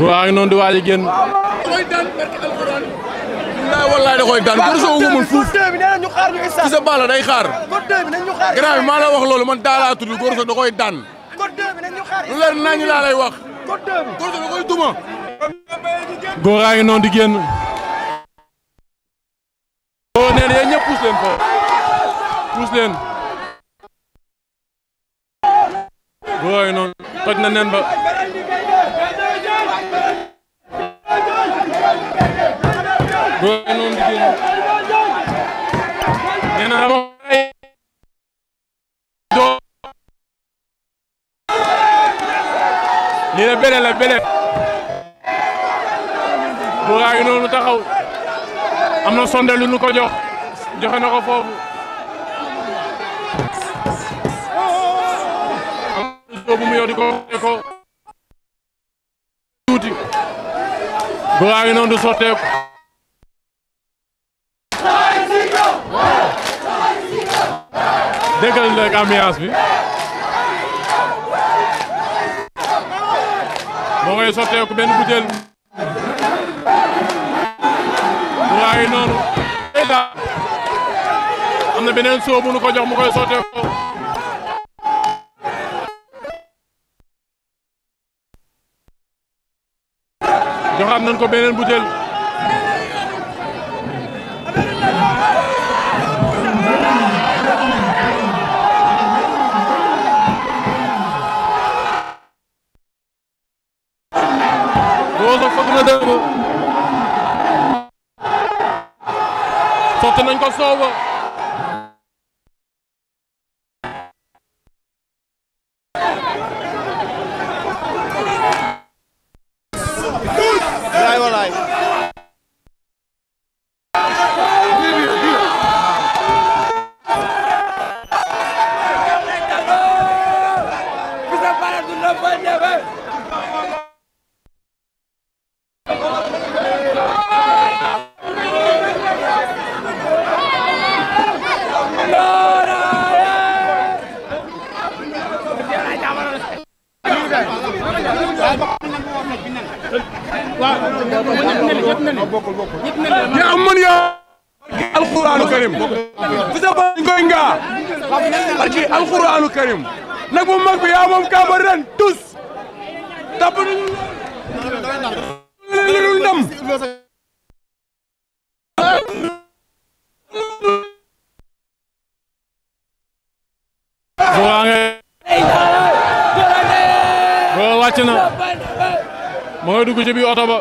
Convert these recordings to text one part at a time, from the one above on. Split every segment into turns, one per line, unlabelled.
waa ngi noonu di waaj a génn.
wallaay da koy daan Borzo wu ma fuuf Fils de day xaar. gannaaw bi wax loolu
man daal laa tudd Borzo da koy daan.
lu leer nañu laa lay wax. Borzo da koy
duma. góor a ngi di génn. boo nee na yéen ñëpp leen ko pousse leen. góor a ngi noonu na nen ba. Roy noonu di génn nee na Ama Baldé la bele la bele Roy ngi noonu taxaw am na sonde lu nu ko jox joxe na ko foofu am bu mu di ko tuuti Roy ngi noonu du déggal nag ambiance bi moo ngay sotteeku benn butéel waaye noonu am na beneen soo bu ko jox mu koy sotteeku joxaat nañ ko beneen butéel fàtte nañ ko soowa
nag mu mag bi yaa moom kamba ren tous tapp nañu lu dul ndam
góor wàcc na ma oto ba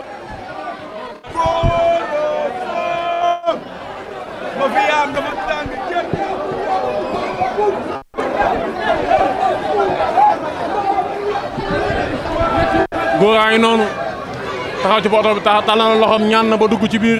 góoraa ngi noonu taxaw ci boto bi tax talal loxoom ñaan na ba dugg ci biir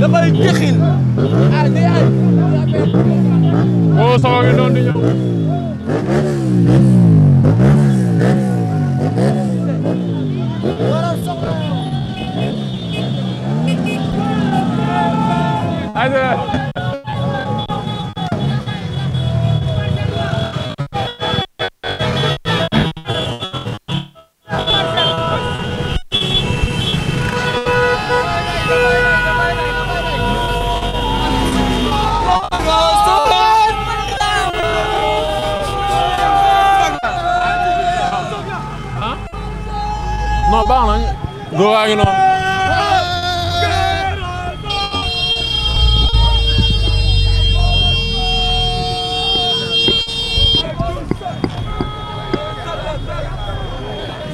dafay jëxin oo oh, sama ngi doon di ñëw ay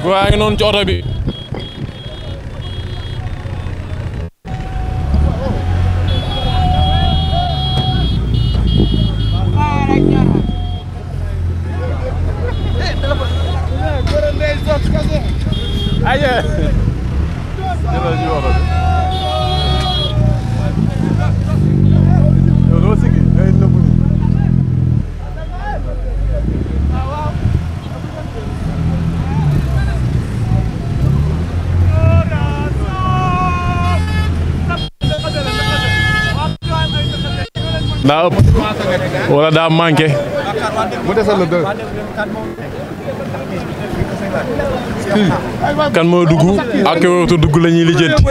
gaa ngi noonu ci oto bi daa ëpp wala daa manqué.
kan moo dugg ak wootu
dugg la ñuy lijjanti.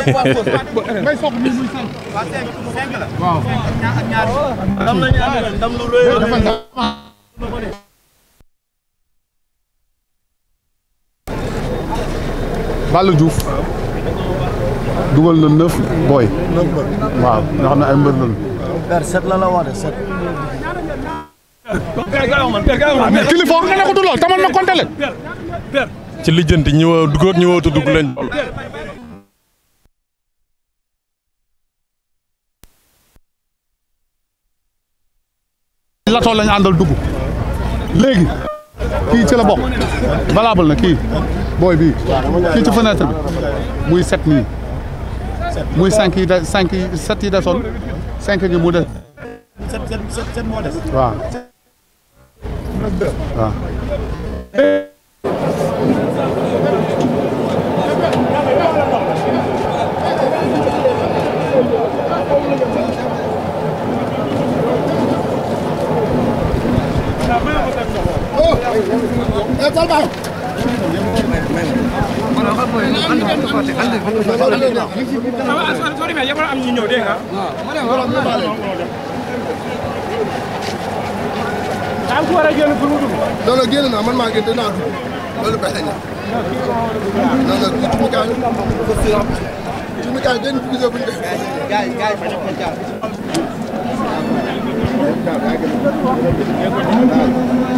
Balla Diouf dugal na neuf booy. ay mbër per set la la ah, wax
de ci lijjanti ñi woo góor ñi woo dugg leen.
latoo àndal dugg léegi kii ci la bokk valable na kii booy bii kii ci fenêtre bi muy set nii muy cinq yi da cinq ngi mu des. sept sept sept moo des. waaw. waaw. That's all right. non non génn naa man maa ngi dinaa dugg loolu pexe na. non non ci mi kaay ci mi kaay benn dugub bu ñu def. gars yi gars yi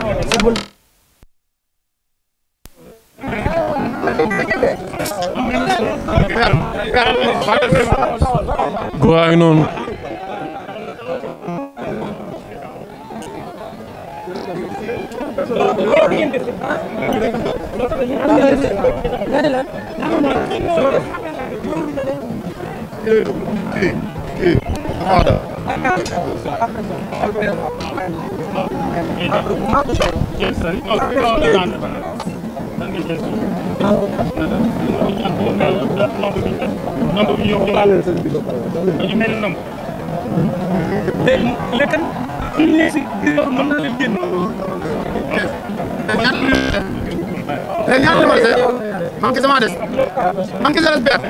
bul kuraa noonu léegi ñaata la man kese maa des man kese des benn.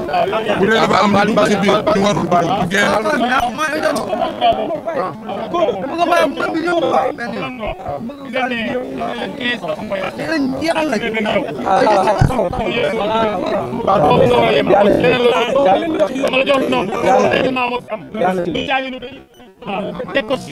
bu dee dafa am lu ci biir lu
warul baax bu génn.
waaw. teg ko si.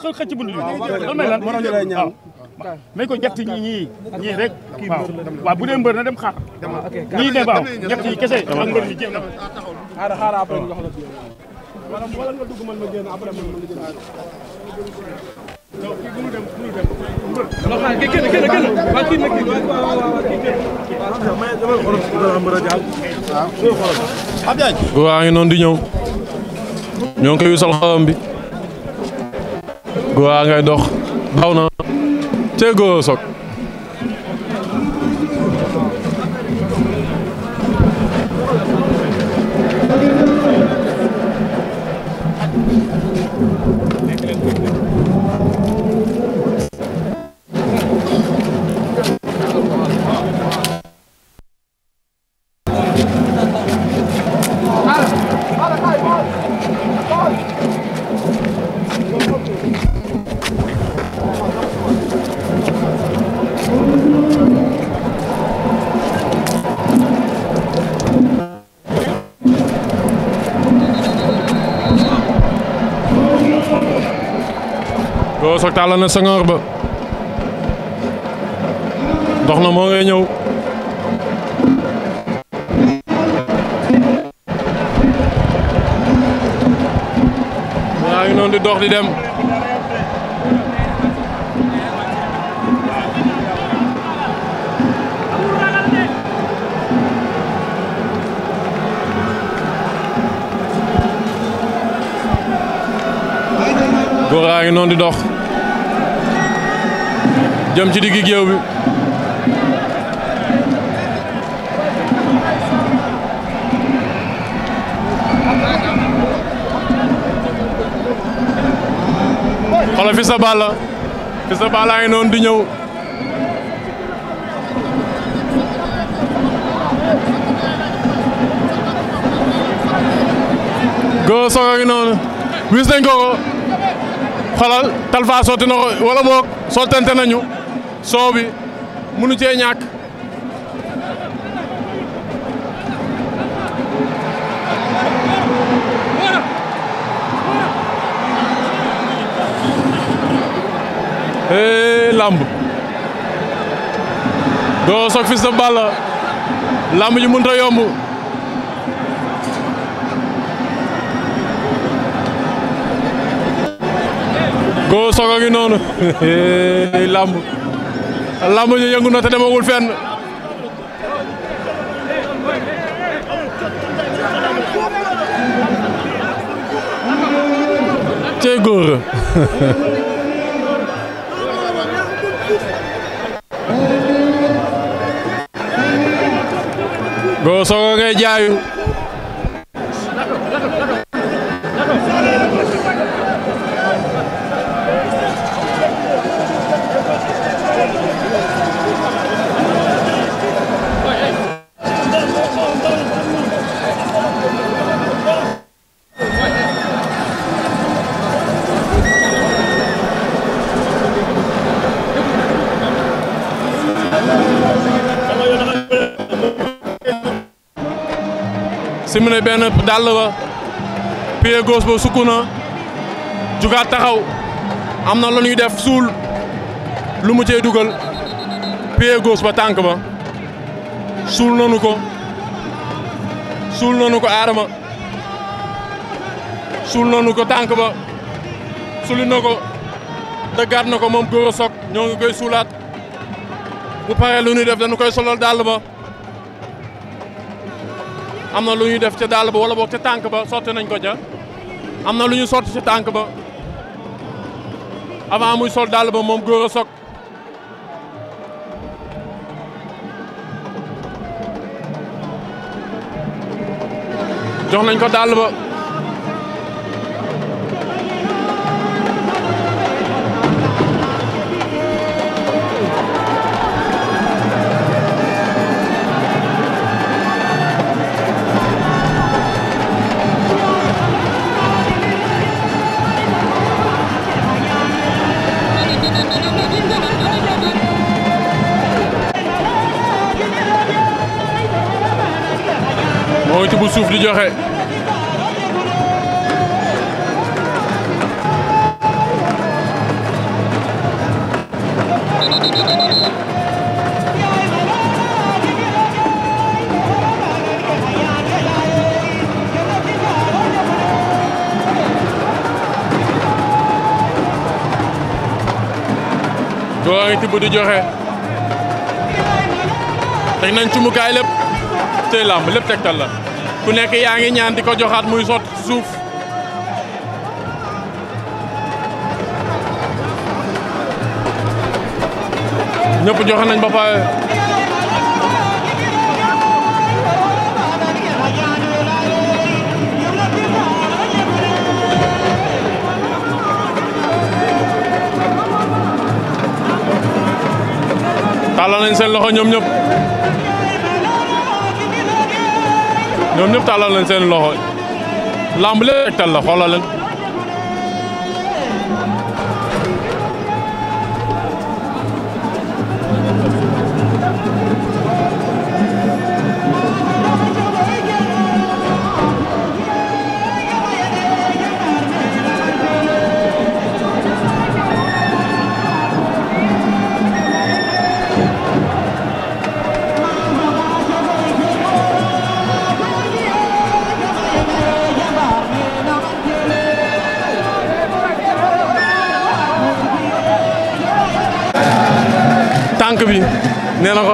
xë xëcc bunt bi may ko ñett ñi ñii ñii rek waaw waaw bu dee mbër na dem xaar ñii ne waaw ñett yi kese ak mbër mi jéem na
xaaral xaaral après ñu a noonu di ñëw ñoo ngi koy wisal xawam waa ngay dox daw tàll na sangoor ba dox na moo ngay ñëw ngi noonu di dox di dem góor a ngi noonu di dox jëm ci diggi géew bi xoolal Fils de Balla Fils de Balla ngi noonu di ñëw Gora Sock a ngi nañ ko ko xoolal Talfa sotti na ko wala nañu soow bi munu cee ñàkk hee lamb doo soog Fils de Balla làmb ji mënut yomb doo soog a hee làmb lamb ñu yëngu na te demagul fenn cey góor góor soo ko ngay jaayu simi na benn dàll ba pied gauche ba sukk jugaat taxaw am na lu ñuy def suul lu mu cee dugal pied ba tànk ba suul nanu ko suul nanu ko aadama suul nanu ko tànk ba suuli na ko dëggaat na ko moom góor a soog ngi koy suulaat bu paree lu ñuy def dañu koy solal dàll ba am na lu ñuy def ca dàll ba wala boog ca tànk ba sotti nañ ko ca am na lu ñuy sotti ca tànk ba avant muy sol dàll ba moom Gora Sock jox nañ ko dàll ba nga ci bu suuf di joxe doo ngi tibb di joxe teg nañ ci mukaay lépp tey làmb lépp tegtal la ku nekk yaa ngi ñaan di ko joxaat muy sot suuf ñëpp joxe nañ ba pare tàllal nañ seen loxo ñoom ñëpp ñoom ñëpp tàllal leen loxo làmb leen tegtal la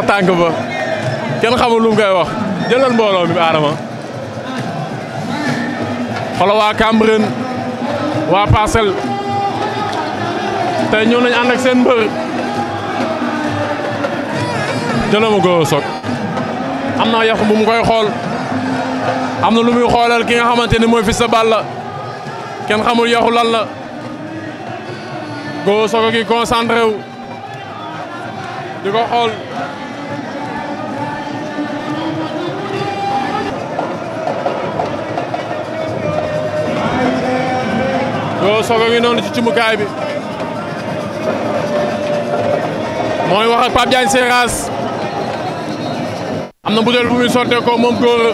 tànk ba kenn xamul lu mu koy wax jëlal mbooloo mi Adama xolo waa Cambérène waa Parcelles tey ñëw nañ ànd ak seen mbër jëlal ma Gora Sock am na yàq bu mu koy xool am na lu muy xoolal ki nga xamante ni mooy Fils de Balla kenn xamul yàqu lan la Gora Sock a ngi di ko xool Gora Sock a ngi noonu ci cumukaay bi mooy wax ak Pape Diagne am na butéel bu muy sottee ko moom Gora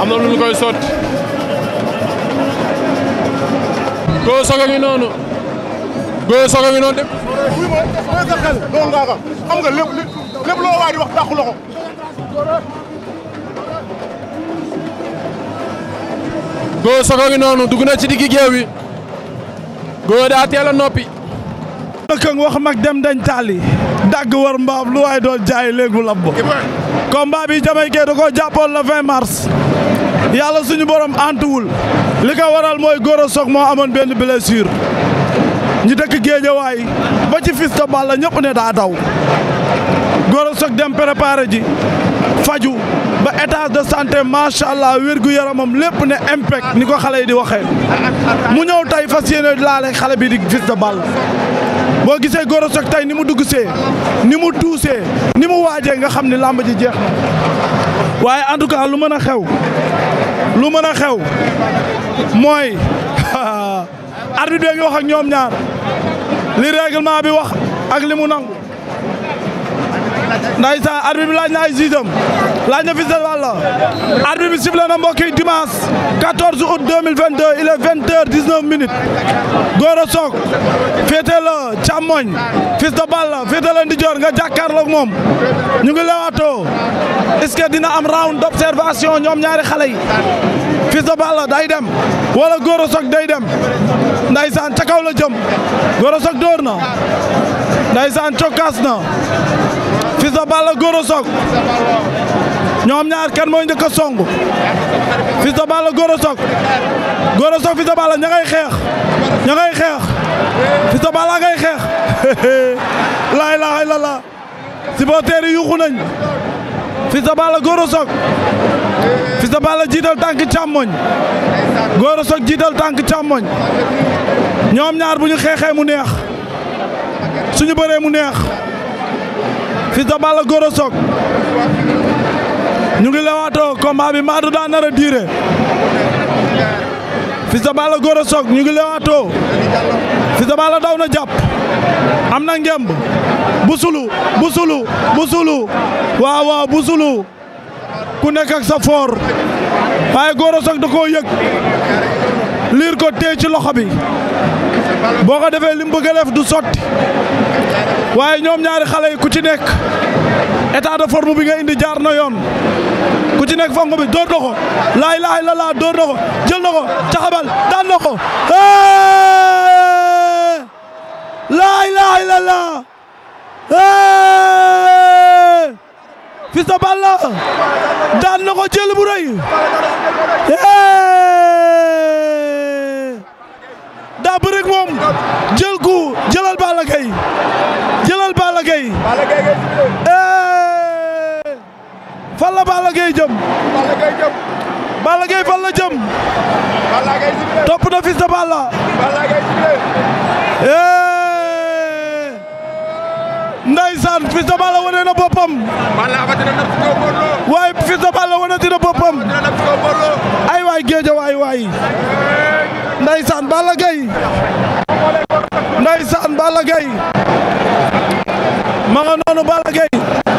am na lu ñu Gora Sock a ngi noonu Gora Sock a ngi dugg na ci diggi géew wi Gora daa teel a noppi. dëkk wax mag
dem dañ taali dagg war mbaam lu waay doon jaay léegu lab ba combat bi jamaykee da koo jàppoon le 20 mars yàlla suñu borom antuwul li ko waral mooy Gora Sock moo amoon benn blessure ñi dëkk Géejawaay ba ci Fils de Balla ne daa daw Gora Sock dem préparé ji faju ba état de santé macha allah wérgu yaramam lépp ne impact ni ko xale yi di waxee mu ñëw tey fas yéene laale xale bi di Fils boo gisee Gora Sock tey ni mu duggsee ni mu tuusee ni mu waajee nga xam ne làmb ji jeex waaye en tout cas lu mën a xew lu mën a xew mooy arbitre bi ngi wax ak ñoom ñaar li règlement bi wax ak li mu nangu ndeysaan arbitre bi laaj na ay siisam laaj na fi seen wàll arbitre bi sifflé na mbokk yi dimanche 14 minutes Gora Sock féete la càmmoñ Fils de Balla féete ndijoor nga jàkkaarloog moom ñu ngi lewaatoo est-ce que dina am round d'observation ñoom ñaari xale yi Fils de day dem wala Gora Sock day dem ndaysaan ca kaw la jëm Gora Sock dóor na ndaysaan cokkaas ñoom ñaar kenn mooy njëkk a song Fils de Balla Gora Sock Gora Sock Fils xeex ña ngay xeex Fils de Balla xeex laa ilaaha illallaah supporters yi yuxu nañ Fils de Balla Gora Sock jiital tànk càmmoñ Gora Sock jiital tànk càmmoñ ñoom ñaar bu ñu xeexee mu neex suñu bëree mu neex fi de Balla Gora Sock ñu ngi lewaatoo combat bi maadu daa nar a diire Fils de Balla ñu ngi lewaatoo Fils de Balla daw na jàpp am na ngemb busulu busulu busulu waaw waaw busulu ku nekk ak sa foor waaye Gora Sock da koo yëg liir ko téye ci loxo bi boo ko defee li mu bëgg du sot waaye ñoom ñaari xale yi ku ci nekk état de forme bi nga indi jaar na yoon ku ci nekk fonk bi door na ko laa ilaaha illallaah door na jël na ko caxabal daan na laa ilaaha illallaah Fils de Balla daan na ko jël bu rëy daa bëreeg moom jël ku jëlal Balla Gaye jëlal Balla Gaye fan la Balla Gaye jëm topp na Fils de Balla Ndeysaan Fils de Balla wane na boppam. waaye Fils de Balla wane dina boppam. ay waay géeja waay waay. Ndeysaan Balla Gaye. Ndeysaan Balla Gaye. ma nga noonu Balla Gaye.